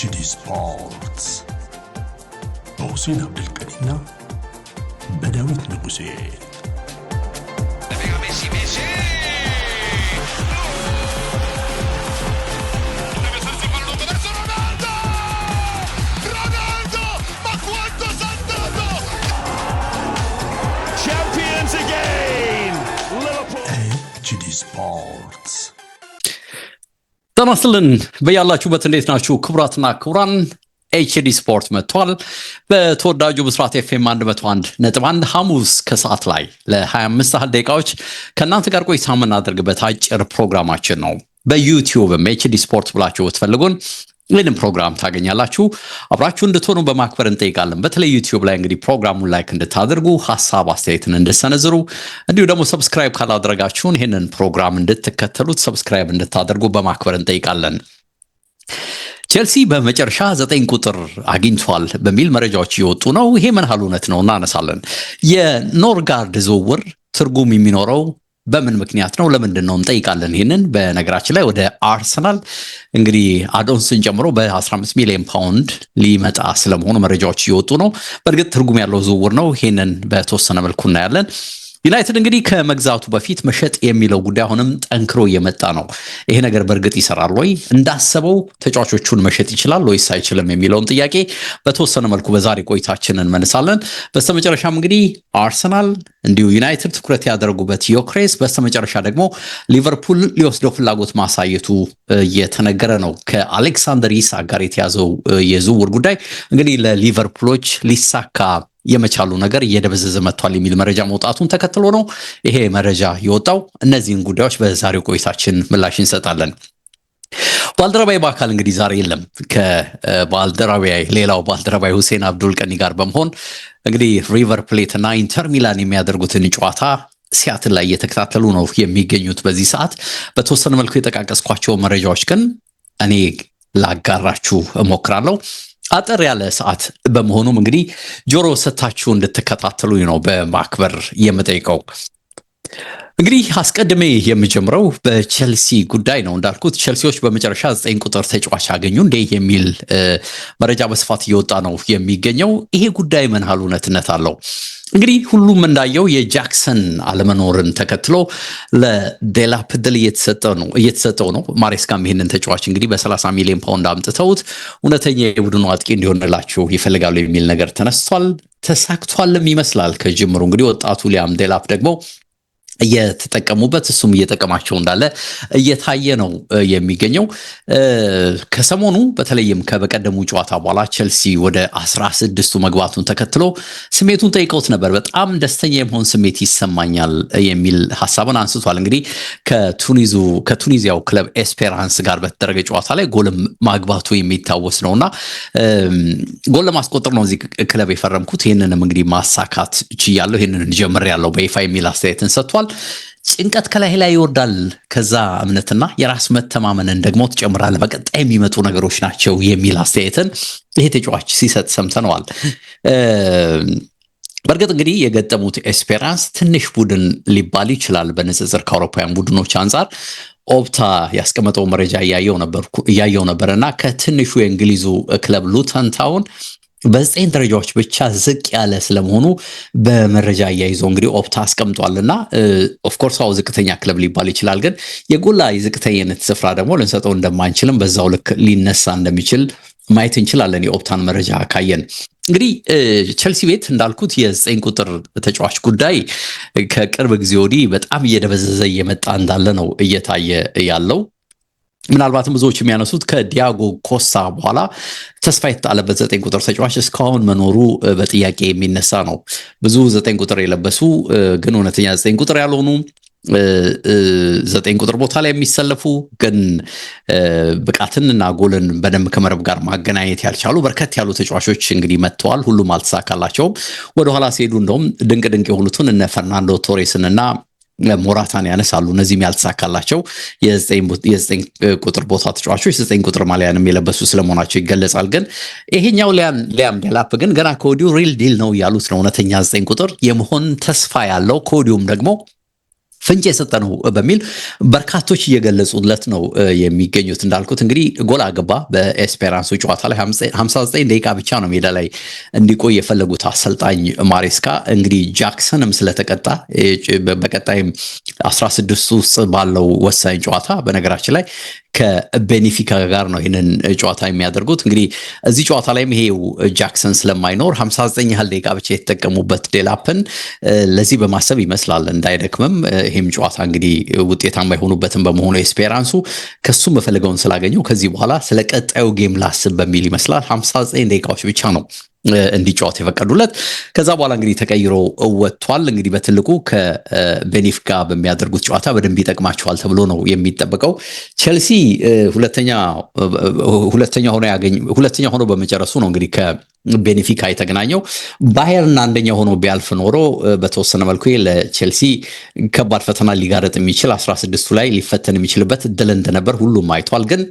HD ስፖርትስ በሁሴን አብደልቀኒና በዳዊት ንጉሴ HD Sport. ጤና ይስጥልን በያላችሁበት እንዴት ናችሁ? ክቡራትና ክቡራን ኤችዲ ስፖርት መጥቷል። በተወዳጁ ብስራት ኤፍኤም 101 ነጥብ 1 ሐሙስ ከሰዓት ላይ ለ25 ያህል ደቂቃዎች ከእናንተ ጋር ቆይታ የምናደርግበት አጭር ፕሮግራማችን ነው። በዩቲዩብም ኤችዲ ስፖርት ብላችሁ ብትፈልጉን ይህንም ፕሮግራም ታገኛላችሁ። አብራችሁ እንድትሆኑ በማክበር እንጠይቃለን። በተለይ ዩቲዩብ ላይ እንግዲህ ፕሮግራሙን ላይክ እንድታደርጉ፣ ሀሳብ አስተያየትን እንድሰነዝሩ፣ እንዲሁ ደግሞ ሰብስክራይብ ካላደረጋችሁን ይህንን ፕሮግራም እንድትከተሉት ሰብስክራይብ እንድታደርጉ በማክበር እንጠይቃለን። ቼልሲ በመጨረሻ ዘጠኝ ቁጥር አግኝቷል በሚል መረጃዎች እየወጡ ነው። ይሄ ምን ያህል እውነት ነው እናነሳለን። የኖርጋርድ ዝውውር ትርጉም የሚኖረው በምን ምክንያት ነው ለምንድን ነው እንጠይቃለን። ይህንን በነገራችን ላይ ወደ አርሰናል እንግዲህ አዶንስን ጨምሮ በ15 ሚሊዮን ፓውንድ ሊመጣ ስለመሆኑ መረጃዎች እየወጡ ነው። በእርግጥ ትርጉም ያለው ዝውውር ነው። ይህንን በተወሰነ መልኩ እናያለን። ዩናይትድ እንግዲህ ከመግዛቱ በፊት መሸጥ የሚለው ጉዳይ አሁንም ጠንክሮ እየመጣ ነው። ይሄ ነገር በእርግጥ ይሰራል ወይ? እንዳሰበው ተጫዋቾቹን መሸጥ ይችላል ወይስ አይችልም የሚለውን ጥያቄ በተወሰነ መልኩ በዛሬ ቆይታችን እንመልሳለን። በስተመጨረሻም እንግዲህ አርሰናል እንዲሁ ዩናይትድ ትኩረት ያደረጉበት ዮክሬስ በስተመጨረሻ ደግሞ ሊቨርፑል ሊወስደው ፍላጎት ማሳየቱ እየተነገረ ነው። ከአሌክሳንደር ይሳ ጋር የተያዘው የዝውውር ጉዳይ እንግዲህ ለሊቨርፑሎች ሊሳካ የመቻሉ ነገር እየደበዘዘ መጥቷል የሚል መረጃ መውጣቱን ተከትሎ ነው ይሄ መረጃ የወጣው። እነዚህን ጉዳዮች በዛሬው ቆይታችን ምላሽ እንሰጣለን። ባልደረባይ በአካል እንግዲህ ዛሬ የለም። ከባልደረባይ ሌላው ባልደረባይ ሁሴን አብዱል ቀኒ ጋር በመሆን እንግዲህ ሪቨር ፕሌት እና ኢንተር ሚላን የሚያደርጉትን ጨዋታ ሲያትል ላይ እየተከታተሉ ነው የሚገኙት በዚህ ሰዓት። በተወሰነ መልኩ የጠቃቀስኳቸው መረጃዎች ግን እኔ ላጋራችሁ እሞክራለሁ። አጠር ያለ ሰዓት በመሆኑም እንግዲህ ጆሮ ሰታችሁ እንድትከታተሉ ነው በማክበር የምጠይቀው። እንግዲህ አስቀድሜ የምጀምረው በቸልሲ ጉዳይ ነው። እንዳልኩት ቸልሲዎች በመጨረሻ ዘጠኝ ቁጥር ተጫዋች አገኙ እንዴ የሚል መረጃ በስፋት እየወጣ ነው የሚገኘው። ይሄ ጉዳይ ምን ያህል እውነትነት አለው? እንግዲህ ሁሉም እንዳየው የጃክሰን አለመኖርን ተከትሎ ለዴላፕድል እየተሰጠው ነው። ማሬስካም ይህንን ተጫዋች እንግዲህ በ30 ሚሊዮን ፓውንድ አምጥተውት እውነተኛ የቡድኑ አጥቂ እንዲሆንላቸው ይፈልጋሉ የሚል ነገር ተነስቷል። ተሳክቷልም ይመስላል ከጅምሩ። እንግዲህ ወጣቱ ሊያም ዴላፕ ደግሞ እየተጠቀሙበት እሱም እየጠቀማቸው እንዳለ እየታየ ነው የሚገኘው። ከሰሞኑ በተለይም ከበቀደሙ ጨዋታ በኋላ ቼልሲ ወደ አስራ ስድስቱ መግባቱን ተከትሎ ስሜቱን ጠይቀውት ነበር። በጣም ደስተኛ የመሆን ስሜት ይሰማኛል የሚል ሀሳብን አንስቷል። እንግዲህ ከቱኒዚያው ክለብ ኤስፔራንስ ጋር በተደረገ ጨዋታ ላይ ጎል ማግባቱ የሚታወስ ነው እና ጎል ለማስቆጠር ነው እዚህ ክለብ የፈረምኩት፣ ይህንንም እንግዲህ ማሳካት ችያለሁ፣ ይህንን ጀምሬያለሁ በይፋ የሚል አስተያየትን ሰጥቷል። ተጠቅሷል። ጭንቀት ከላይ ላይ ይወርዳል። ከዛ እምነትና የራስ መተማመንን ደግሞ ትጨምራል። በቀጣይ የሚመጡ ነገሮች ናቸው የሚል አስተያየትን ይሄ ተጫዋች ሲሰጥ ሰምተነዋል። በእርግጥ እንግዲህ የገጠሙት ኤስፔራንስ ትንሽ ቡድን ሊባል ይችላል በንጽጽር ከአውሮፓውያን ቡድኖች አንጻር። ኦፕታ ያስቀመጠው መረጃ እያየው ነበር እና ከትንሹ የእንግሊዙ ክለብ ሉተን ታውን በዘጠኝ ደረጃዎች ብቻ ዝቅ ያለ ስለመሆኑ በመረጃ አያይዞ እንግዲህ ኦፕታ አስቀምጧል እና ኦፍኮርስ ው ዝቅተኛ ክለብ ሊባል ይችላል። ግን የጎላ የዝቅተኝነት ስፍራ ደግሞ ልንሰጠው እንደማንችልም በዛው ልክ ሊነሳ እንደሚችል ማየት እንችላለን። የኦፕታን መረጃ ካየን እንግዲህ ቸልሲ ቤት እንዳልኩት የዘጠኝ ቁጥር ተጫዋች ጉዳይ ከቅርብ ጊዜ ወዲህ በጣም እየደበዘዘ እየመጣ እንዳለ ነው እየታየ ያለው ምናልባትም ብዙዎች የሚያነሱት ከዲያጎ ኮሳ በኋላ ተስፋ የተጣለበት ዘጠኝ ቁጥር ተጫዋች እስካሁን መኖሩ በጥያቄ የሚነሳ ነው። ብዙ ዘጠኝ ቁጥር የለበሱ ግን እውነተኛ ዘጠኝ ቁጥር ያልሆኑ ዘጠኝ ቁጥር ቦታ ላይ የሚሰለፉ ግን ብቃትን እና ጎልን በደንብ ከመረብ ጋር ማገናኘት ያልቻሉ በርከት ያሉ ተጫዋቾች እንግዲህ መጥተዋል። ሁሉም አልተሳካላቸውም። ወደኋላ ሲሄዱ እንደውም ድንቅ ድንቅ የሆኑትን እነ ፈርናንዶ ቶሬስን እና ሞራታን ያነሳሉ። እነዚህም ያልተሳካላቸው የዘጠኝ ቁጥር ቦታ ተጫዋቾች ዘጠኝ ቁጥር ማሊያንም የለበሱ ስለመሆናቸው ይገለጻል። ግን ይሄኛው ሊያም ዴላፕ ግን ገና ከወዲሁ ሪል ዲል ነው እያሉት ነው። እውነተኛ ዘጠኝ ቁጥር የመሆን ተስፋ ያለው ከወዲሁም ደግሞ ፍንጭ የሰጠ ነው በሚል በርካቶች እየገለጹለት ነው የሚገኙት። እንዳልኩት እንግዲህ ጎል አገባ በኤስፔራንሱ ጨዋታ ላይ 59 ደቂቃ ብቻ ነው ሜዳ ላይ እንዲቆይ የፈለጉት አሰልጣኝ ማሬስካ። እንግዲህ ጃክሰንም ስለተቀጣ በቀጣይም 16 ውስጥ ባለው ወሳኝ ጨዋታ በነገራችን ላይ ከቤኒፊካ ጋር ነው ይህንን ጨዋታ የሚያደርጉት። እንግዲህ እዚህ ጨዋታ ላይም ይሄው ጃክሰን ስለማይኖር 59 ያህል ደቂቃ ብቻ የተጠቀሙበት ዴላፕን ለዚህ በማሰብ ይመስላል እንዳይደክምም ይህም ጨዋታ እንግዲህ ውጤታማ የሆኑበትን በመሆኑ ኤስፔራንሱ ከሱ መፈለገውን ስላገኘው ከዚህ በኋላ ስለ ቀጣዩ ጌም ላስብ በሚል ይመስላል 59 ደቂቃዎች ብቻ ነው እንዲጫወት የፈቀዱለት ከዛ በኋላ እንግዲህ ተቀይሮ ወጥቷል። እንግዲህ በትልቁ ከቤኒፍ ጋር በሚያደርጉት ጨዋታ በደንብ ይጠቅማቸዋል ተብሎ ነው የሚጠበቀው። ቼልሲ ሁለተኛ ሆኖ በመጨረሱ ነው እንግዲህ ከቤኒፊካ የተገናኘው። ባየርን አንደኛ ሆኖ ቢያልፍ ኖሮ በተወሰነ መልኩ ለቼልሲ ከባድ ፈተና ሊጋረጥ የሚችል 16ቱ ላይ ሊፈተን የሚችልበት እድል እንደነበር ሁሉም አይቷል ግን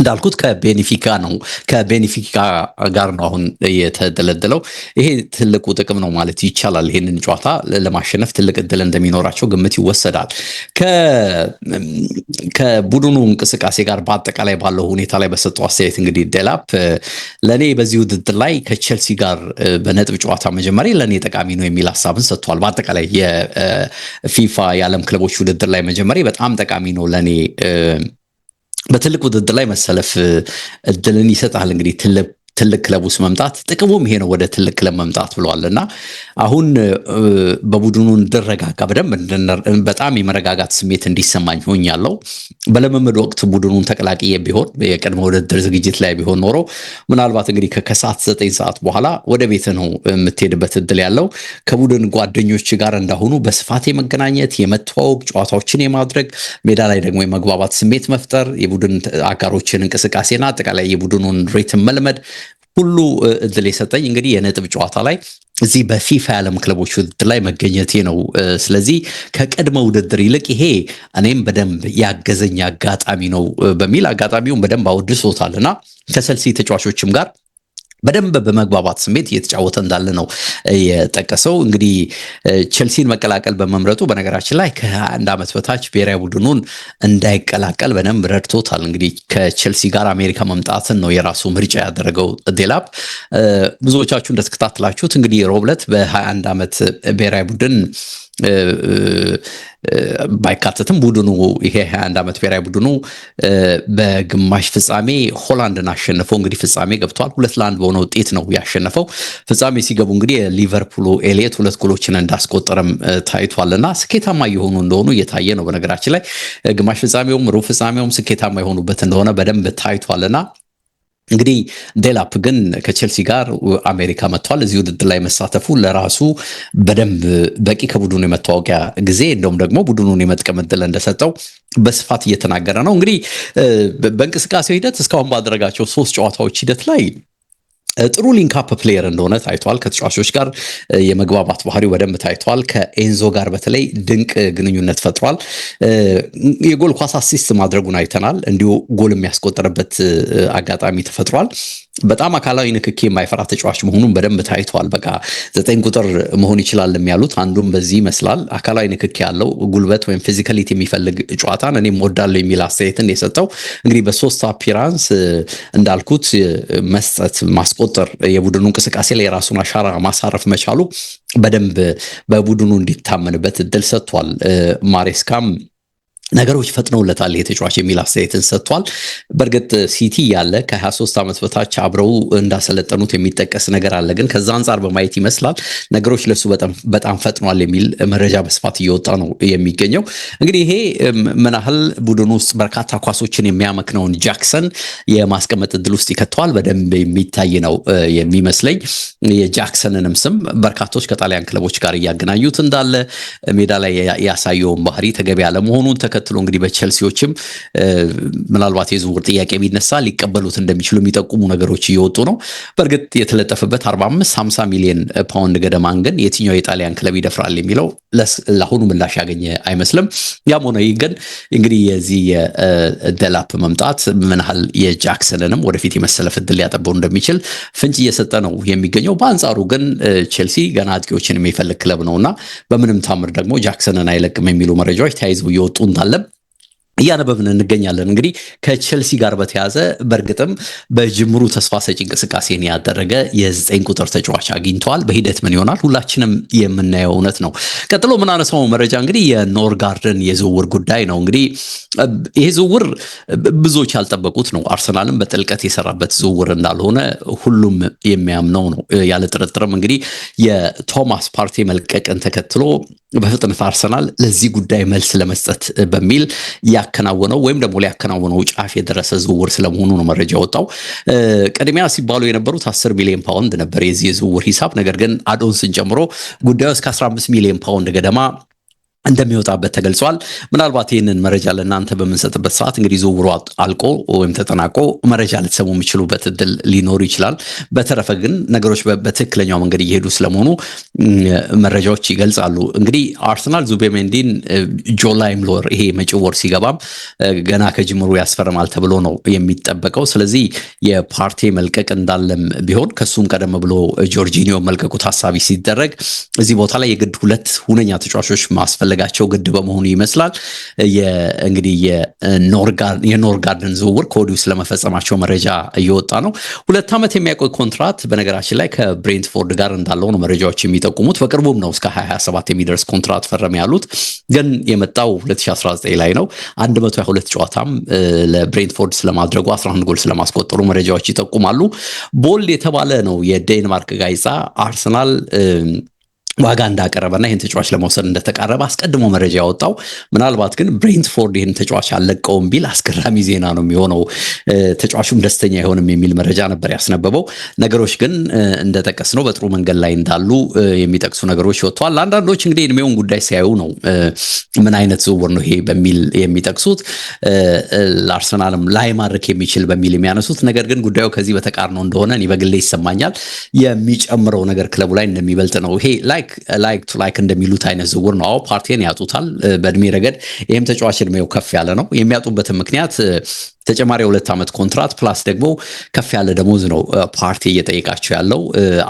እንዳልኩት ከቤኒፊካ ነው ከቤኒፊካ ጋር ነው አሁን የተደለደለው። ይሄ ትልቁ ጥቅም ነው ማለት ይቻላል። ይህንን ጨዋታ ለማሸነፍ ትልቅ እድል እንደሚኖራቸው ግምት ይወሰዳል። ከቡድኑ እንቅስቃሴ ጋር በአጠቃላይ ባለው ሁኔታ ላይ በሰጠው አስተያየት እንግዲህ ደላፕ ለእኔ በዚህ ውድድር ላይ ከቼልሲ ጋር በነጥብ ጨዋታ መጀመሪ ለእኔ ጠቃሚ ነው የሚል ሀሳብን ሰጥቷል። በአጠቃላይ የፊፋ የዓለም ክለቦች ውድድር ላይ መጀመሪ በጣም ጠቃሚ ነው ለእኔ باتل ليكويد الدلاي مساله في الدلانيسات على الانجليزي تلب ትልቅ ክለብ ውስጥ መምጣት ጥቅሙም ይሄ ነው፣ ወደ ትልቅ ክለብ መምጣት ብለዋል። እና አሁን በቡድኑ እንድረጋጋ በደንብ በጣም የመረጋጋት ስሜት እንዲሰማኝ ሆኛለሁ። በልምምድ ወቅት ቡድኑን ተቀላቅዬ ቢሆን የቅድመ ውድድር ዝግጅት ላይ ቢሆን ኖሮ ምናልባት እንግዲህ ከሰዓት ዘጠኝ ሰዓት በኋላ ወደ ቤት ነው የምትሄድበት እድል ያለው ከቡድን ጓደኞች ጋር እንዳሁኑ በስፋት የመገናኘት የመተዋወቅ ጨዋታዎችን የማድረግ ሜዳ ላይ ደግሞ የመግባባት ስሜት መፍጠር የቡድን አጋሮችን እንቅስቃሴና አጠቃላይ የቡድኑን ሬትን መልመድ ሁሉ እድል የሰጠኝ እንግዲህ የነጥብ ጨዋታ ላይ እዚህ በፊፋ የዓለም ክለቦች ውድድር ላይ መገኘቴ ነው። ስለዚህ ከቅድመ ውድድር ይልቅ ይሄ እኔም በደንብ ያገዘኝ አጋጣሚ ነው በሚል አጋጣሚውን በደንብ አወድሶታል እና ከሰልሲ ተጫዋቾችም ጋር በደንብ በመግባባት ስሜት እየተጫወተ እንዳለ ነው የጠቀሰው። እንግዲህ ቼልሲን መቀላቀል በመምረጡ በነገራችን ላይ ከአንድ ዓመት በታች ብሔራዊ ቡድኑን እንዳይቀላቀል በደንብ ረድቶታል። እንግዲህ ከቼልሲ ጋር አሜሪካ መምጣትን ነው የራሱ ምርጫ ያደረገው ዴላፕ። ብዙዎቻችሁ እንደተከታተላችሁት እንግዲህ ሮብለት በ21 ዓመት ብሔራዊ ቡድን ባይካተትም ቡድኑ ይሄ 21 ዓመት ብሔራዊ ቡድኑ በግማሽ ፍጻሜ ሆላንድን አሸንፈው እንግዲህ ፍጻሜ ገብተዋል። ሁለት ለአንድ በሆነ ውጤት ነው ያሸነፈው። ፍጻሜ ሲገቡ እንግዲህ የሊቨርፑሉ ኤሌት ሁለት ጎሎችን እንዳስቆጠረም እና ስኬታማ የሆኑ እንደሆኑ እየታየ ነው። በነገራችን ላይ ግማሽ ፍጻሜውም ሩብ ፍጻሜውም ስኬታማ የሆኑበት እንደሆነ በደንብ ታይቷል እና እንግዲህ ዴላፕ ግን ከቼልሲ ጋር አሜሪካ መጥቷል። እዚህ ውድድር ላይ መሳተፉ ለራሱ በደንብ በቂ ከቡድኑ የመታወቂያ ጊዜ እንደውም ደግሞ ቡድኑን የመጥቀም እድል እንደሰጠው በስፋት እየተናገረ ነው። እንግዲህ በእንቅስቃሴው ሂደት እስካሁን ባደረጋቸው ሶስት ጨዋታዎች ሂደት ላይ ጥሩ ሊንካፕ ፕሌየር እንደሆነ ታይቷል። ከተጫዋቾች ጋር የመግባባት ባህሪው በደንብ ታይቷል። ከኤንዞ ጋር በተለይ ድንቅ ግንኙነት ፈጥሯል። የጎል ኳስ አሲስት ማድረጉን አይተናል። እንዲሁ ጎል የሚያስቆጠርበት አጋጣሚ ተፈጥሯል። በጣም አካላዊ ንክኬ የማይፈራ ተጫዋች መሆኑን በደንብ ታይተዋል። በቃ ዘጠኝ ቁጥር መሆን ይችላል የሚያሉት አንዱም በዚህ ይመስላል። አካላዊ ንክኬ ያለው ጉልበት ወይም ፊዚካሊቲ የሚፈልግ ጨዋታን እኔም ወዳለሁ የሚል አስተያየትን የሰጠው እንግዲህ በሶስት አፒራንስ እንዳልኩት መስጠት፣ ማስቆጠር፣ የቡድኑ እንቅስቃሴ ላይ የራሱን አሻራ ማሳረፍ መቻሉ በደንብ በቡድኑ እንዲታመንበት እድል ሰጥቷል ማሬስካም ነገሮች ፈጥነውለታል የተጫዋች የሚል አስተያየትን ሰጥቷል። በእርግጥ ሲቲ ያለ ከ23 ዓመት በታች አብረው እንዳሰለጠኑት የሚጠቀስ ነገር አለ። ግን ከዛ አንጻር በማየት ይመስላል ነገሮች ለሱ በጣም ፈጥኗል የሚል መረጃ በስፋት እየወጣ ነው የሚገኘው። እንግዲህ ይሄ ምን ያህል ቡድን ውስጥ በርካታ ኳሶችን የሚያመክነውን ጃክሰን የማስቀመጥ እድል ውስጥ ይከተዋል በደንብ የሚታይ ነው የሚመስለኝ። የጃክሰንንም ስም በርካቶች ከጣሊያን ክለቦች ጋር እያገናኙት እንዳለ ሜዳ ላይ ያሳየውን ባህሪ ተገቢ ያለመሆኑን ተከትሎ እንግዲህ በቸልሲዎችም ምናልባት የዝውውር ጥያቄ ቢነሳ ሊቀበሉት እንደሚችሉ የሚጠቁሙ ነገሮች እየወጡ ነው። በእርግጥ የተለጠፈበት 45 50 ሚሊዮን ፓውንድ ገደማን ግን የትኛው የጣሊያን ክለብ ይደፍራል የሚለው ለአሁኑ ምላሽ ያገኘ አይመስልም። ያም ሆነ ይህ ግን እንግዲህ የዚህ የደላፕ መምጣት ምን ያህል የጃክሰንንም ወደፊት የመሰለፍ እድል ሊያጠበው እንደሚችል ፍንጭ እየሰጠ ነው የሚገኘው። በአንጻሩ ግን ቼልሲ ገና አጥቂዎችን የሚፈልግ ክለብ ነውና በምንም ታምር ደግሞ ጃክሰንን አይለቅም የሚሉ መረጃዎች ተያይዘው እየወጡ እንዳለ ካለም እያነበብን እንገኛለን። እንግዲህ ከቼልሲ ጋር በተያዘ በእርግጥም በጅምሩ ተስፋ ሰጪ እንቅስቃሴን ያደረገ የዘጠኝ ቁጥር ተጫዋች አግኝተዋል። በሂደት ምን ይሆናል ሁላችንም የምናየው እውነት ነው። ቀጥሎ የምናነሳው መረጃ እንግዲህ የኖርጋርድን የዝውውር ጉዳይ ነው። እንግዲህ ይሄ ዝውውር ብዙዎች ያልጠበቁት ነው። አርሰናልም በጥልቀት የሰራበት ዝውውር እንዳልሆነ ሁሉም የሚያምነው ነው። ያለ ጥርጥርም እንግዲህ የቶማስ ፓርቴ መልቀቅን ተከትሎ በፍጥነት አርሰናል ለዚህ ጉዳይ መልስ ለመስጠት በሚል ያከናወነው ወይም ደግሞ ሊያከናውነው ጫፍ የደረሰ ዝውውር ስለመሆኑ ነው መረጃ የወጣው። ቅድሚያ ሲባሉ የነበሩት 10 ሚሊዮን ፓውንድ ነበር የዚህ የዝውውር ሂሳብ። ነገር ግን አዶንስን ጨምሮ ጉዳዩ እስከ 15 ሚሊዮን ፓውንድ ገደማ እንደሚወጣበት ተገልጿል። ምናልባት ይህንን መረጃ ለእናንተ በምንሰጥበት ሰዓት እንግዲህ ዝውውሩ አልቆ ወይም ተጠናቆ መረጃ ልትሰሙ የሚችሉበት እድል ሊኖሩ ይችላል። በተረፈ ግን ነገሮች በትክክለኛው መንገድ እየሄዱ ስለመሆኑ መረጃዎች ይገልጻሉ። እንግዲህ አርሰናል ዙቤሜንዲን ጆላይም ሎር ይሄ መጪው ወር ሲገባም ገና ከጅምሩ ያስፈርማል ተብሎ ነው የሚጠበቀው። ስለዚህ የፓርቴ መልቀቅ እንዳለም ቢሆን ከሱም ቀደም ብሎ ጆርጂኒዮ መልቀቁ ታሳቢ ሲደረግ እዚህ ቦታ ላይ የግድ ሁለት ሁነኛ ተጫዋቾች ማስፈለግ ያስፈለጋቸው ግድ በመሆኑ ይመስላል እንግዲህ የኖርጋርድን ዝውውር ከወዲሁ ስለመፈጸማቸው መረጃ እየወጣ ነው። ሁለት ዓመት የሚያቆይ ኮንትራት በነገራችን ላይ ከብሬንትፎርድ ጋር እንዳለው ነው መረጃዎች የሚጠቁሙት። በቅርቡም ነው እስከ 27 የሚደርስ ኮንትራት ፈረም ያሉት ግን የመጣው 2019 ላይ ነው። 122 ጨዋታም ለብሬንትፎርድ ስለማድረጉ 11 ጎል ስለማስቆጠሩ መረጃዎች ይጠቁማሉ። ቦልድ የተባለ ነው የዴንማርክ ጋዜጣ አርሰናል ዋጋ እንዳቀረበና ይህን ተጫዋች ለመውሰድ እንደተቃረበ አስቀድሞ መረጃ ያወጣው ምናልባት ግን ብሬንትፎርድ ይህን ተጫዋች አለቀውም ቢል አስገራሚ ዜና ነው የሚሆነው፣ ተጫዋቹም ደስተኛ አይሆንም የሚል መረጃ ነበር ያስነበበው። ነገሮች ግን እንደጠቀስ ነው በጥሩ መንገድ ላይ እንዳሉ የሚጠቅሱ ነገሮች ወጥተዋል። አንዳንዶች እንግዲህ እድሜውን ጉዳይ ሲያዩ ነው ምን አይነት ዝውውር ነው ይሄ በሚል የሚጠቅሱት፣ ለአርሰናልም ላይ ማድረግ የሚችል በሚል የሚያነሱት። ነገር ግን ጉዳዩ ከዚህ በተቃርኖ እንደሆነ እኔ በግሌ ይሰማኛል። የሚጨምረው ነገር ክለቡ ላይ እንደሚበልጥ ነው ይሄ ላይ ላይክ ላይክ ቱ ላይክ እንደሚሉት አይነት ዝውውር ነው። አዎ ፓርቲን ያጡታል በእድሜ ረገድ። ይህም ተጫዋች እድሜው ከፍ ያለ ነው። የሚያጡበትን ምክንያት ተጨማሪ የሁለት ዓመት ኮንትራት ፕላስ ደግሞ ከፍ ያለ ደሞዝ ነው ፓርቲ እየጠየቃቸው ያለው።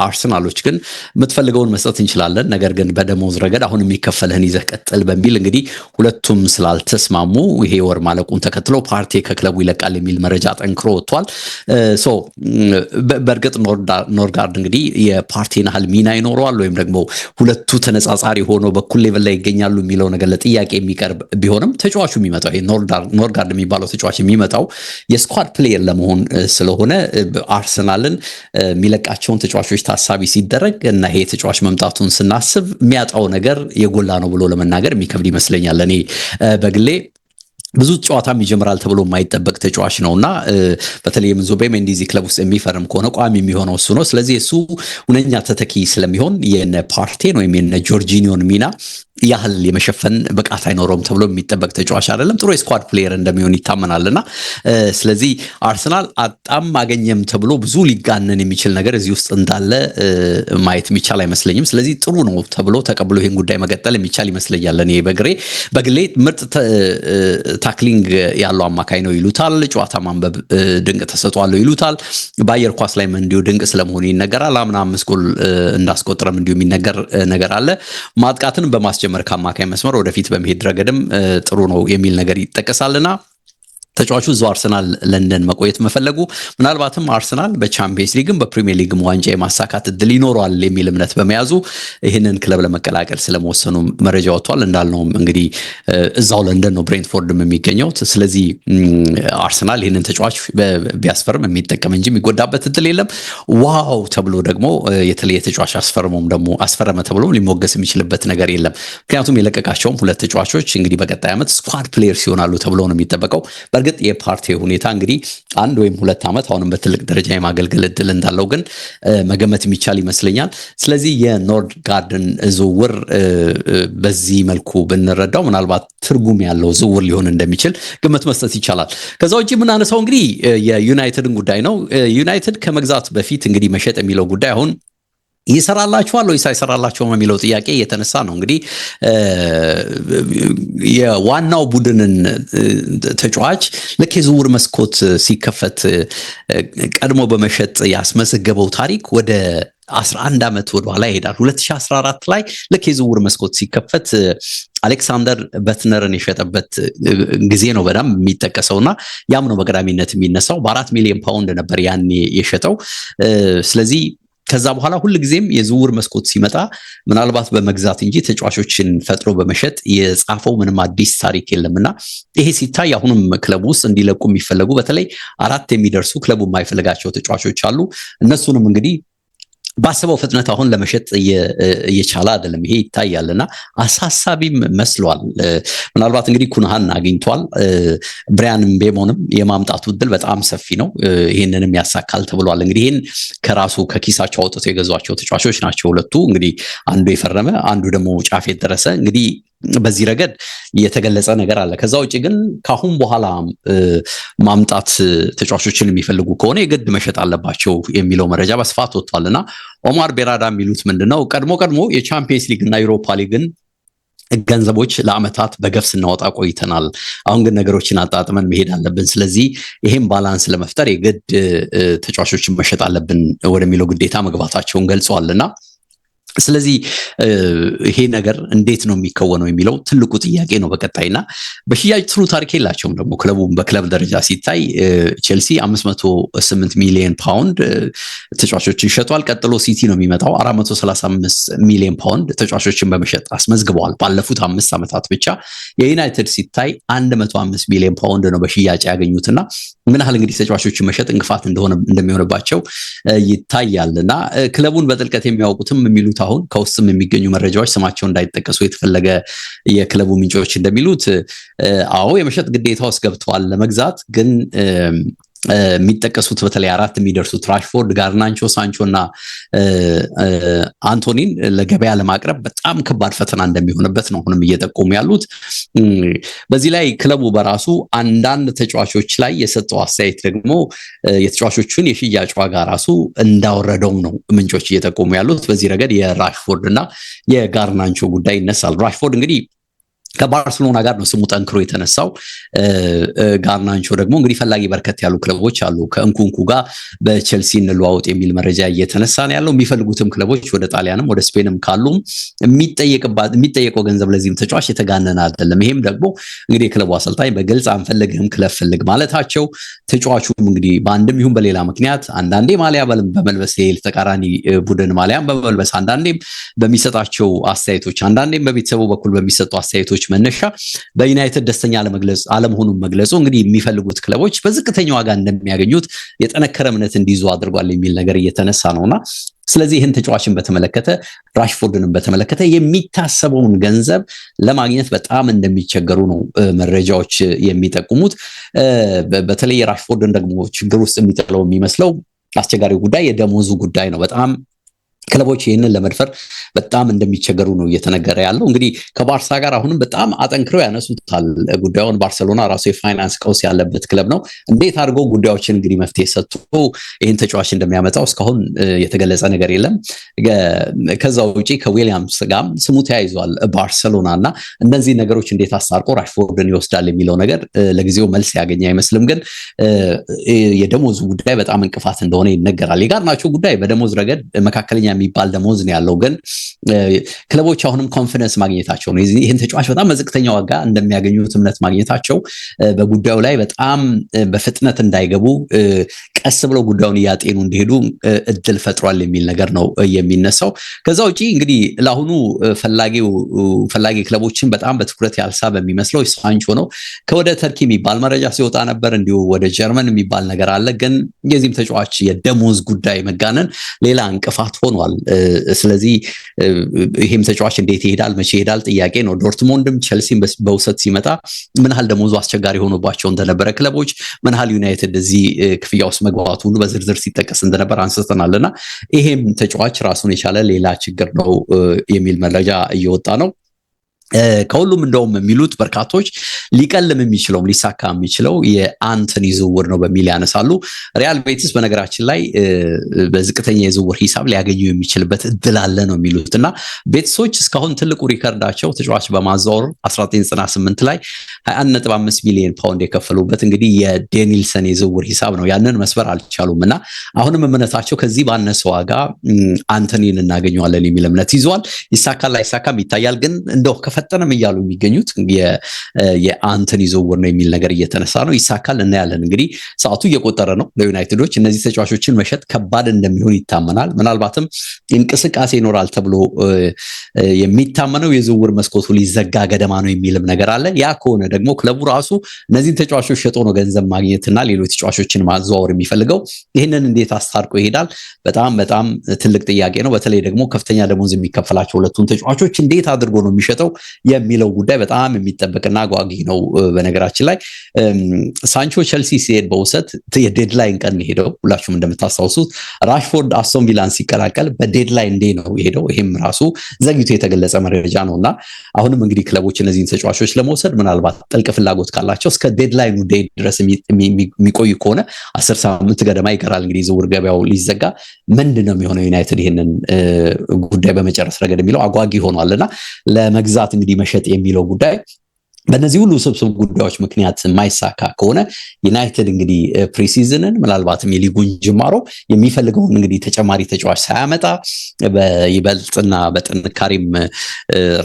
አርሰናሎች ግን የምትፈልገውን መስጠት እንችላለን፣ ነገር ግን በደሞዝ ረገድ አሁን የሚከፈልህን ይዘህ ቀጥል በሚል እንግዲህ ሁለቱም ስላልተስማሙ ይሄ ወር ማለቁን ተከትሎ ፓርቲ ከክለቡ ይለቃል የሚል መረጃ ጠንክሮ ወጥቷል። በእርግጥ ኖርጋርድ እንግዲህ የፓርቲን ያህል ሚና ይኖረዋል ወይም ደግሞ ሁለቱ ተነጻጻሪ ሆኖ በኩል ሌቭል ላይ ይገኛሉ የሚለው ነገር ለጥያቄ የሚቀርብ ቢሆንም ተጫዋቹ የሚመጣው ኖርጋርድ የሚባለው ተጫዋች የሚመጣው የሚሰራው የስኳድ ፕሌየር ለመሆን ስለሆነ አርሰናልን የሚለቃቸውን ተጫዋቾች ታሳቢ ሲደረግ እና ይሄ ተጫዋች መምጣቱን ስናስብ የሚያጣው ነገር የጎላ ነው ብሎ ለመናገር የሚከብድ ይመስለኛል። እኔ በግሌ ብዙ ጨዋታም ይጀምራል ተብሎ የማይጠበቅ ተጫዋች ነው እና በተለይም ዙቤሜንዲ እዚህ ክለብ ውስጥ የሚፈርም ከሆነ ቋሚ የሚሆነው እሱ ነው። ስለዚህ እሱ ሁነኛ ተተኪ ስለሚሆን የነ ፓርቴን ወይም የነ ጆርጂኒዮን ሚና ያህል የመሸፈን ብቃት አይኖረውም ተብሎ የሚጠበቅ ተጫዋች አይደለም። ጥሩ የስኳድ ፕሌየር እንደሚሆን ይታመናል ስለዚህ አርሰናል አጣም አገኘም ተብሎ ብዙ ሊጋነን የሚችል ነገር እዚህ ውስጥ እንዳለ ማየት የሚቻል አይመስለኝም። ስለዚህ ጥሩ ነው ተብሎ ተቀብሎ ይህን ጉዳይ መቀጠል የሚቻል ይመስለኛል። እኔ በግሬ በግሌ ምርጥ ታክሊንግ ያለው አማካኝ ነው ይሉታል። ጨዋታ ማንበብ ድንቅ ተሰጥቷለሁ ይሉታል። በአየር ኳስ ላይም እንዲሁ ድንቅ ስለመሆኑ ይነገራል። አምና አምስት ጎል እንዳስቆጥረም እንዲሁ የሚነገር ነገር አለ ማጥቃትን በማስጀመ መርክ አማካኝ መስመር ወደፊት በመሄድ ረገድም ጥሩ ነው የሚል ነገር ይጠቀሳልና ተጫዋቹ እዛው አርሰናል ለንደን መቆየት መፈለጉ ምናልባትም አርሰናል በቻምፒየንስ ሊግም በፕሪሚየር ሊግም ዋንጫ የማሳካት እድል ይኖረዋል የሚል እምነት በመያዙ ይህንን ክለብ ለመቀላቀል ስለመወሰኑ መረጃ ወጥቷል። እንዳልነውም እንግዲህ እዛው ለንደን ነው ብሬንትፎርድም የሚገኘው። ስለዚህ አርሰናል ይህንን ተጫዋች ቢያስፈርም የሚጠቀም እንጂ የሚጎዳበት እድል የለም። ዋው ተብሎ ደግሞ የተለየ ተጫዋች አስፈርሞም ደግሞ አስፈረመ ተብሎ ሊሞገስ የሚችልበት ነገር የለም። ምክንያቱም የለቀቃቸውም ሁለት ተጫዋቾች እንግዲህ በቀጣይ ዓመት ስኳድ ፕሌየርስ ይሆናሉ ተብሎ ነው የሚጠበቀው። በእርግጥ የፓርቲ ሁኔታ እንግዲህ አንድ ወይም ሁለት ዓመት አሁንም በትልቅ ደረጃ የማገልገል እድል እንዳለው ግን መገመት የሚቻል ይመስለኛል። ስለዚህ የኖርድ ጋርድን ዝውውር በዚህ መልኩ ብንረዳው ምናልባት ትርጉም ያለው ዝውውር ሊሆን እንደሚችል ግምት መስጠት ይቻላል። ከዛ ውጭ የምናነሳው እንግዲህ የዩናይትድን ጉዳይ ነው። ዩናይትድ ከመግዛት በፊት እንግዲህ መሸጥ የሚለው ጉዳይ አሁን ይሰራላችኋል ወይስ አይሰራላችሁም የሚለው ጥያቄ እየተነሳ ነው። እንግዲህ የዋናው ቡድንን ተጫዋች ልክ የዝውውር መስኮት ሲከፈት ቀድሞ በመሸጥ ያስመዘገበው ታሪክ ወደ 11 ዓመት ወደኋላ ይሄዳል። 2014 ላይ ልክ የዝውውር መስኮት ሲከፈት አሌክሳንደር በትነርን የሸጠበት ጊዜ ነው በጣም እና ያም ነው በቀዳሚነት የሚነሳው። በአራት ሚሊዮን ፓውንድ ነበር ያኔ የሸጠው። ስለዚህ ከዛ በኋላ ጊዜም የዝውውር መስኮት ሲመጣ ምናልባት በመግዛት እንጂ ተጫዋቾችን ፈጥሮ በመሸጥ የጻፈው ምንም አዲስ ታሪክ የለም እና ይሄ ሲታይ አሁንም ክለቡ ውስጥ እንዲለቁ የሚፈለጉ በተለይ አራት የሚደርሱ ክለቡ የማይፈልጋቸው ተጫዋቾች አሉ። እነሱንም እንግዲህ ባስበው ፍጥነት አሁን ለመሸጥ እየቻለ አይደለም። ይሄ ይታያልና አሳሳቢም መስሏል። ምናልባት እንግዲህ ኩንሃን አግኝቷል። ብሪያን ምቤሞንም የማምጣቱ እድል በጣም ሰፊ ነው። ይህንንም ያሳካል ተብሏል። እንግዲህ ይህን ከራሱ ከኪሳቸው አውጥተው የገዟቸው ተጫዋቾች ናቸው ሁለቱ። እንግዲህ አንዱ የፈረመ አንዱ ደግሞ ጫፍ የደረሰ እንግዲህ በዚህ ረገድ የተገለጸ ነገር አለ። ከዛ ውጭ ግን ከአሁን በኋላ ማምጣት ተጫዋቾችን የሚፈልጉ ከሆነ የግድ መሸጥ አለባቸው የሚለው መረጃ በስፋት ወጥቷል እና ኦማር ቤራዳ የሚሉት ምንድን ነው? ቀድሞ ቀድሞ የቻምፒየንስ ሊግ እና ዩሮፓ ሊግን ገንዘቦች ለአመታት በገፍ ስናወጣ ቆይተናል። አሁን ግን ነገሮችን አጣጥመን መሄድ አለብን። ስለዚህ ይሄን ባላንስ ለመፍጠር የግድ ተጫዋቾችን መሸጥ አለብን ወደሚለው ግዴታ መግባታቸውን ገልጸዋል እና ስለዚህ ይሄ ነገር እንዴት ነው የሚከወነው የሚለው ትልቁ ጥያቄ ነው በቀጣይና በሽያጭ ትሩ ታሪክ የላቸውም። ደግሞ ክለቡ በክለብ ደረጃ ሲታይ ቼልሲ 58 ሚሊዮን ፓውንድ ተጫዋቾችን ሸጧል። ቀጥሎ ሲቲ ነው የሚመጣው 435 ሚሊዮን ፓውንድ ተጫዋቾችን በመሸጥ አስመዝግበዋል። ባለፉት አምስት ዓመታት ብቻ የዩናይትድ ሲታይ 105 ሚሊዮን ፓውንድ ነው በሽያጭ ያገኙትና ምን ያህል እንግዲህ ተጫዋቾችን መሸጥ እንቅፋት እንደሆነ እንደሚሆንባቸው እና ክለቡን በጥልቀት የሚያውቁትም የሚሉት አሁን ከውስጥም የሚገኙ መረጃዎች ስማቸው እንዳይጠቀሱ የተፈለገ የክለቡ ምንጮች እንደሚሉት አዎ የመሸጥ ግዴታ ውስጥ ገብተዋል ለመግዛት ግን የሚጠቀሱት በተለይ አራት የሚደርሱት ራሽፎርድ፣ ጋርናንቾ፣ ሳንቾ እና አንቶኒን ለገበያ ለማቅረብ በጣም ከባድ ፈተና እንደሚሆንበት ነው አሁንም እየጠቆሙ ያሉት። በዚህ ላይ ክለቡ በራሱ አንዳንድ ተጫዋቾች ላይ የሰጠው አስተያየት ደግሞ የተጫዋቾቹን የሽያጭ ዋጋ ራሱ እንዳወረደው ነው ምንጮች እየጠቆሙ ያሉት። በዚህ ረገድ የራሽፎርድ እና የጋርናንቾ ጉዳይ ይነሳል። ራሽፎርድ እንግዲህ ከባርሰሎና ጋር ነው ስሙ ጠንክሮ የተነሳው። ጋርናንቾ ደግሞ እንግዲህ ፈላጊ በርከት ያሉ ክለቦች አሉ። ከእንኩንኩ ጋር በቼልሲ እንለዋወጥ የሚል መረጃ እየተነሳ ነው ያለው። የሚፈልጉትም ክለቦች ወደ ጣሊያንም ወደ ስፔንም ካሉም የሚጠየቀው ገንዘብ ለዚህም ተጫዋች የተጋነነ አይደለም። ይሄም ደግሞ እንግዲህ የክለቡ አሰልጣኝ በግልጽ አንፈልግህም፣ ክለብ ማለታቸው ተጫዋቹም እንግዲህ በአንድም ይሁን በሌላ ምክንያት አንዳንዴ ማሊያ በመልበስ የሌል ተቃራኒ ቡድን ማሊያም በመልበስ አንዳንዴም በሚሰጣቸው አስተያየቶች አንዳንዴም በቤተሰቡ በኩል በሚሰጡ አስተያየቶች ክለቦች መነሻ በዩናይትድ ደስተኛ አለመሆኑን መግለጹ እንግዲህ የሚፈልጉት ክለቦች በዝቅተኛ ዋጋ እንደሚያገኙት የጠነከረ እምነት እንዲይዙ አድርጓል የሚል ነገር እየተነሳ ነውና ስለዚህ ይህን ተጫዋችን በተመለከተ ራሽፎርድንም በተመለከተ የሚታሰበውን ገንዘብ ለማግኘት በጣም እንደሚቸገሩ ነው መረጃዎች የሚጠቁሙት። በተለይ ራሽፎርድን ደግሞ ችግር ውስጥ የሚጥለው የሚመስለው አስቸጋሪ ጉዳይ የደሞዙ ጉዳይ ነው። በጣም ክለቦች ይህንን ለመድፈር በጣም እንደሚቸገሩ ነው እየተነገረ ያለው። እንግዲህ ከባርሳ ጋር አሁንም በጣም አጠንክረው ያነሱታል ጉዳዩን። ባርሰሎና ራሱ የፋይናንስ ቀውስ ያለበት ክለብ ነው። እንዴት አድርጎ ጉዳዮችን እንግዲህ መፍትሄ ሰጥቶ ይህን ተጫዋች እንደሚያመጣው እስካሁን የተገለጸ ነገር የለም። ከዛ ውጪ ከዊሊያምስ ጋር ስሙ ተያይዟል ባርሰሎና እና እነዚህ ነገሮች እንዴት አስታርቆ ራሽፎርድን ይወስዳል የሚለው ነገር ለጊዜው መልስ ያገኘ አይመስልም። ግን የደሞዙ ጉዳይ በጣም እንቅፋት እንደሆነ ይነገራል። የጋርናቾ ጉዳይ በደሞዝ ረገድ መካከለኛ የሚባል ደሞዝ ነው ያለው። ግን ክለቦች አሁንም ኮንፊደንስ ማግኘታቸው ነው ይህን ተጫዋች በጣም በዝቅተኛ ዋጋ እንደሚያገኙት እምነት ማግኘታቸው በጉዳዩ ላይ በጣም በፍጥነት እንዳይገቡ ቀስ ብለው ጉዳዩን እያጤኑ እንዲሄዱ እድል ፈጥሯል የሚል ነገር ነው የሚነሳው። ከዛ ውጪ እንግዲህ ለአሁኑ ፈላጊ ክለቦችን በጣም በትኩረት ያልሳ በሚመስለው ሳንቾ ነው። ከወደ ተርኪ የሚባል መረጃ ሲወጣ ነበር፣ እንዲሁ ወደ ጀርመን የሚባል ነገር አለ። ግን የዚህም ተጫዋች የደሞዝ ጉዳይ መጋነን ሌላ እንቅፋት ሆኗል። ስለዚህ ይህም ተጫዋች እንዴት ይሄዳል፣ መቼ ይሄዳል ጥያቄ ነው። ዶርትሞንድም ቸልሲም በውሰት ሲመጣ ምን ያህል ደሞዙ አስቸጋሪ ሆኖባቸው እንደነበረ ክለቦች ምን ያህል ዩናይትድ እዚህ ክፍያ ውስጥ መግባባት ሁሉ በዝርዝር ሲጠቀስ እንደነበር አንስተናል እና ይሄም ተጫዋች ራሱን የቻለ ሌላ ችግር ነው የሚል መረጃ እየወጣ ነው። ከሁሉም እንደውም የሚሉት በርካቶች ሊቀልም የሚችለውም ሊሳካ የሚችለው የአንቶኒ ዝውውር ነው በሚል ያነሳሉ። ሪያል ቤቲስ በነገራችን ላይ በዝቅተኛ የዝውውር ሂሳብ ሊያገኙ የሚችልበት እድል አለ ነው የሚሉት እና ቤቲሶች እስካሁን ትልቁ ሪከርዳቸው ተጫዋች በማዛወር 1998 ላይ 215 ሚሊዮን ፓውንድ የከፈሉበት እንግዲህ የዴኒልሰን የዝውውር ሂሳብ ነው። ያንን መስበር አልቻሉም እና አሁንም እምነታቸው ከዚህ ባነሰ ዋጋ አንቶኒን እናገኘዋለን የሚል እምነት ይዘዋል። ይሳካል ላይሳካም ይታያል። ግን እንደው አልተፈጠነም እያሉ የሚገኙት የአንተን ዝውውር ነው የሚል ነገር እየተነሳ ነው። ይሳካል እናያለን። እንግዲህ ሰዓቱ እየቆጠረ ነው ለዩናይትዶች። እነዚህ ተጫዋቾችን መሸጥ ከባድ እንደሚሆን ይታመናል። ምናልባትም እንቅስቃሴ ይኖራል ተብሎ የሚታመነው የዝውውር መስኮቱ ሊዘጋ ገደማ ነው የሚልም ነገር አለ። ያ ከሆነ ደግሞ ክለቡ ራሱ እነዚህን ተጫዋቾች ሸጦ ነው ገንዘብ ማግኘትና ሌሎች ተጫዋቾችን ማዘዋወር የሚፈልገው። ይህንን እንዴት አስታርቆ ይሄዳል? በጣም በጣም ትልቅ ጥያቄ ነው። በተለይ ደግሞ ከፍተኛ ደሞዝ የሚከፈላቸው ሁለቱን ተጫዋቾች እንዴት አድርጎ ነው የሚሸጠው? የሚለው ጉዳይ በጣም የሚጠበቅና አጓጊ ነው። በነገራችን ላይ ሳንቾ ቸልሲ ሲሄድ በውሰት የዴድላይን ቀን ሄደው ሁላችሁም እንደምታስታውሱት ራሽፎርድ አስቶን ቪላን ሲቀላቀል በዴድላይን ዴ ነው የሄደው። ይህም ራሱ ዘግይቶ የተገለጸ መረጃ ነው እና አሁንም እንግዲህ ክለቦች እነዚህን ተጫዋቾች ለመውሰድ ምናልባት ጥልቅ ፍላጎት ካላቸው እስከ ዴድላይኑ ዴ ድረስ የሚቆዩ ከሆነ አስር ሳምንት ገደማ ይቀራል እንግዲህ ዝውውር ገበያው ሊዘጋ ምንድን ነው የሚሆነው ዩናይትድ ይህንን ጉዳይ በመጨረስ ረገድ የሚለው አጓጊ ሆኗል እና ለመግዛት እንግዲህ መሸጥ የሚለው ጉዳይ በእነዚህ ሁሉ ስብስብ ጉዳዮች ምክንያት የማይሳካ ከሆነ ዩናይትድ እንግዲህ ፕሪሲዝንን ምናልባትም የሊጉን ጅማሮ የሚፈልገውን እንግዲህ ተጨማሪ ተጫዋች ሳያመጣ በይበልጥና በጥንካሬም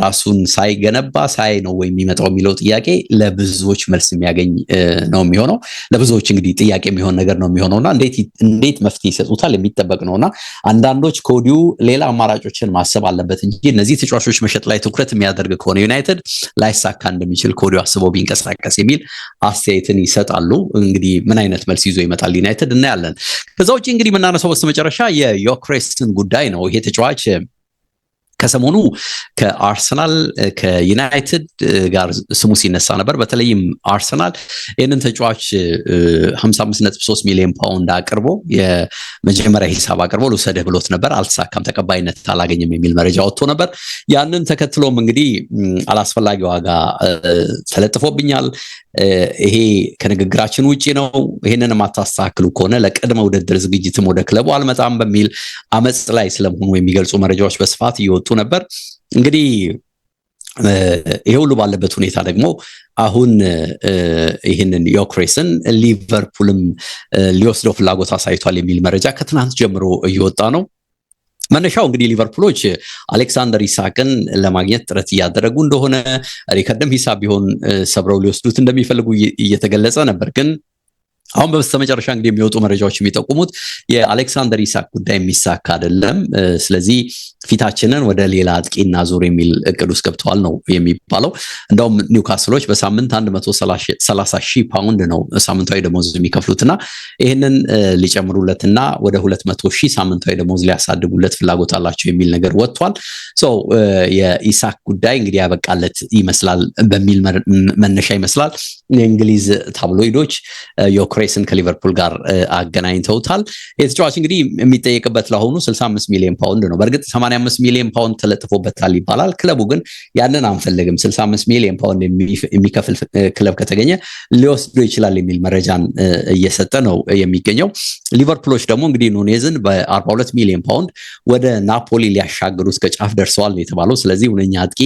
ራሱን ሳይገነባ ሳይ ነው ወይ የሚመጣው የሚለው ጥያቄ ለብዙዎች መልስ የሚያገኝ ነው የሚሆነው። ለብዙዎች እንግዲህ ጥያቄ የሚሆን ነገር ነው የሚሆነው የሚሆነውና እንዴት መፍትሄ ይሰጡታል የሚጠበቅ ነው ነውና አንዳንዶች ከወዲሁ ሌላ አማራጮችን ማሰብ አለበት እንጂ እነዚህ ተጫዋቾች መሸጥ ላይ ትኩረት የሚያደርግ ከሆነ ዩናይትድ ላይሳካ እንደሚችል እንደሚችል ከወዲሁ አስቦ ቢንቀሳቀስ የሚል አስተያየትን ይሰጣሉ። እንግዲህ ምን አይነት መልስ ይዞ ይመጣል ዩናይትድ እናያለን። ከዛ ውጭ እንግዲህ የምናነሳው መጨረሻ የዮክሬስን ጉዳይ ነው። ይሄ ተጫዋች ከሰሞኑ ከአርሰናል ከዩናይትድ ጋር ስሙ ሲነሳ ነበር። በተለይም አርሰናል ይህንን ተጫዋች 55.3 ሚሊዮን ፓውንድ አቅርቦ የመጀመሪያ ሂሳብ አቅርቦ ልውሰድህ ብሎት ነበር። አልተሳካም፣ ተቀባይነት አላገኘም የሚል መረጃ ወጥቶ ነበር። ያንን ተከትሎም እንግዲህ አላስፈላጊ ዋጋ ተለጥፎብኛል፣ ይሄ ከንግግራችን ውጭ ነው፣ ይህንን የማታስተካክሉ ከሆነ ለቅድመ ውድድር ዝግጅትም ወደ ክለቡ አልመጣም በሚል አመፅ ላይ ስለመሆኑ የሚገልጹ መረጃዎች በስፋት እየወጡ እየወጡ ነበር። እንግዲህ ይሄ ሁሉ ባለበት ሁኔታ ደግሞ አሁን ይህንን ዮክሬስን ሊቨርፑልም ሊወስደው ፍላጎት አሳይቷል የሚል መረጃ ከትናንት ጀምሮ እየወጣ ነው። መነሻው እንግዲህ ሊቨርፑሎች አሌክሳንደር ኢሳቅን ለማግኘት ጥረት እያደረጉ እንደሆነ ሪከርድም ሂሳብ ቢሆን ሰብረው ሊወስዱት እንደሚፈልጉ እየተገለጸ ነበር ግን አሁን በስተመጨረሻ እንግዲህ የሚወጡ መረጃዎች የሚጠቁሙት የአሌክሳንደር ኢሳክ ጉዳይ የሚሳካ አይደለም። ስለዚህ ፊታችንን ወደ ሌላ አጥቂ ዙር የሚል እቅድ ውስጥ ገብተዋል ነው የሚባለው። እንደውም ኒውካስሎች በሳምንት 130 ሺህ ፓውንድ ነው ሳምንታዊ ደሞዝ የሚከፍሉትና ይህንን ሊጨምሩለትና ወደ 200 ሺህ ሳምንታዊ ደሞዝ ሊያሳድጉለት ፍላጎት አላቸው የሚል ነገር ወጥቷል። ሰው የኢሳክ ጉዳይ እንግዲህ ያበቃለት ይመስላል በሚል መነሻ ይመስላል የእንግሊዝ ታብሎይዶች ሞክሬስን ከሊቨርፑል ጋር አገናኝተውታል። የተጫዋች እንግዲህ የሚጠየቅበት ለአሁኑ 65 ሚሊዮን ፓውንድ ነው። በእርግጥ 85 ሚሊዮን ፓውንድ ተለጥፎበታል ይባላል። ክለቡ ግን ያንን አንፈልግም፣ 65 ሚሊዮን ፓውንድ የሚከፍል ክለብ ከተገኘ ሊወስዶ ይችላል የሚል መረጃን እየሰጠ ነው የሚገኘው። ሊቨርፑሎች ደግሞ እንግዲህ ኑኔዝን በ42 ሚሊዮን ፓውንድ ወደ ናፖሊ ሊያሻግሩ እስከ ጫፍ ደርሰዋል ነው የተባለው። ስለዚህ ሁነኛ አጥቂ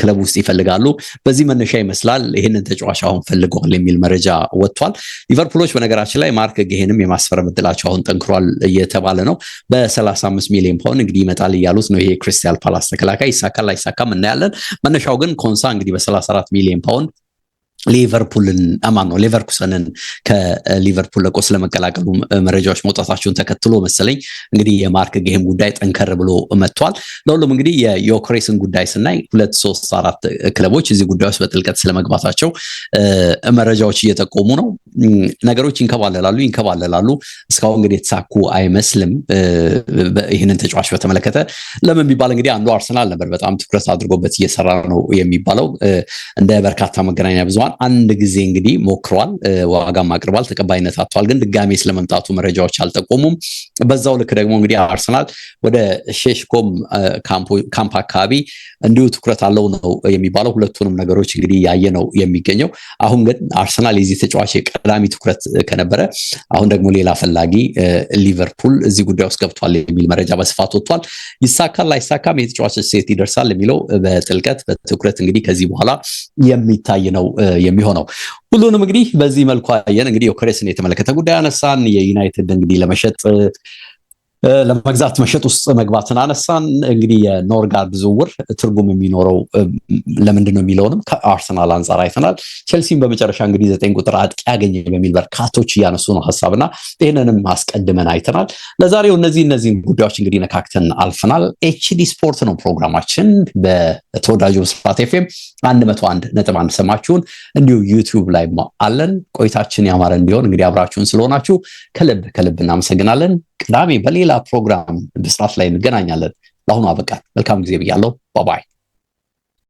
ክለብ ውስጥ ይፈልጋሉ። በዚህ መነሻ ይመስላል ይህንን ተጫዋች አሁን ፈልገዋል የሚል መረጃ ወጥቷል። ሊቨርፑሎች በነገራችን ላይ ማርክ ጌሄንም የማስፈረም እድላቸው አሁን ጠንክሯል እየተባለ ነው። በ35 ሚሊዮን ፓውንድ እንግዲህ ይመጣል እያሉት ነው። ይሄ ክሪስታል ፓላስ ተከላካይ ይሳካል አይሳካም እናያለን። መነሻው ግን ኮንሳ እንግዲህ በ34 ሚሊዮን ፓውንድ ሊቨርፑልን አማ ነው ሌቨርኩሰንን ከሊቨርፑል ለቆ ስለመቀላቀሉ መረጃዎች መውጣታቸውን ተከትሎ መሰለኝ እንግዲህ የማርክ ጌም ጉዳይ ጠንከር ብሎ መጥቷል። ለሁሉም እንግዲህ የዮክሬስን ጉዳይ ስናይ ሁለት ሶስት አራት ክለቦች እዚህ ጉዳይ ውስጥ በጥልቀት ስለመግባታቸው መረጃዎች እየጠቆሙ ነው። ነገሮች ይንከባለላሉ ይንከባለላሉ። እስካሁን እንግዲህ የተሳኩ አይመስልም። ይህንን ተጫዋች በተመለከተ ለምን ቢባል እንግዲህ አንዱ አርሰናል ነበር በጣም ትኩረት አድርጎበት እየሰራ ነው የሚባለው እንደ በርካታ መገናኛ ብዙ እንኳን አንድ ጊዜ እንግዲህ ሞክሯል፣ ዋጋም አቅርቧል፣ ተቀባይነት አጥቷል። ግን ድጋሜ ስለመምጣቱ መረጃዎች አልጠቆሙም። በዛው ልክ ደግሞ እንግዲህ አርሰናል ወደ ሼሽኮም ካምፕ አካባቢ እንዲሁ ትኩረት አለው ነው የሚባለው። ሁለቱንም ነገሮች እንግዲህ ያየ ነው የሚገኘው። አሁን ግን አርሰናል የዚህ ተጫዋች ቀዳሚ ትኩረት ከነበረ፣ አሁን ደግሞ ሌላ ፈላጊ ሊቨርፑል እዚህ ጉዳይ ውስጥ ገብቷል የሚል መረጃ በስፋት ወጥቷል። ይሳካል ላይሳካም፣ የተጫዋች ሴት ይደርሳል የሚለው በጥልቀት በትኩረት እንግዲህ ከዚህ በኋላ የሚታይ ነው የሚሆነው። ሁሉንም እንግዲህ በዚህ መልኩ አየን። እንግዲህ ዮኬሬስን የተመለከተ ጉዳይ አነሳን። የዩናይትድ እንግዲህ ለመሸጥ ለመግዛት መሸጥ ውስጥ መግባትን አነሳን። እንግዲህ የኖርጋርድ ዝውውር ትርጉም የሚኖረው ለምንድን ነው የሚለውንም ከአርሰናል አንጻር አይተናል። ቼልሲም በመጨረሻ እንግዲህ ዘጠኝ ቁጥር አጥቂ ያገኘ በሚል በርካቶች እያነሱ ነው ሀሳብና ይህንንም አስቀድመን አይተናል። ለዛሬው እነዚህ እነዚህን ጉዳዮች እንግዲህ ነካክተን አልፈናል። ኤችዲ ስፖርት ነው ፕሮግራማችን በተወዳጁ ብስራት ኤፍኤም አንድ መቶ አንድ ነጥብ አንድ ሰማችሁን፣ እንዲሁ ዩቲዩብ ላይ አለን። ቆይታችን ያማረ እንዲሆን እንግዲህ አብራችሁን ስለሆናችሁ ከልብ ከልብ እናመሰግናለን። ቅዳሜ በሌላ ፕሮግራም በስርዓት ላይ እንገናኛለን። ለአሁኑ አበቃል። መልካም ጊዜ ብያለሁ። ባባይ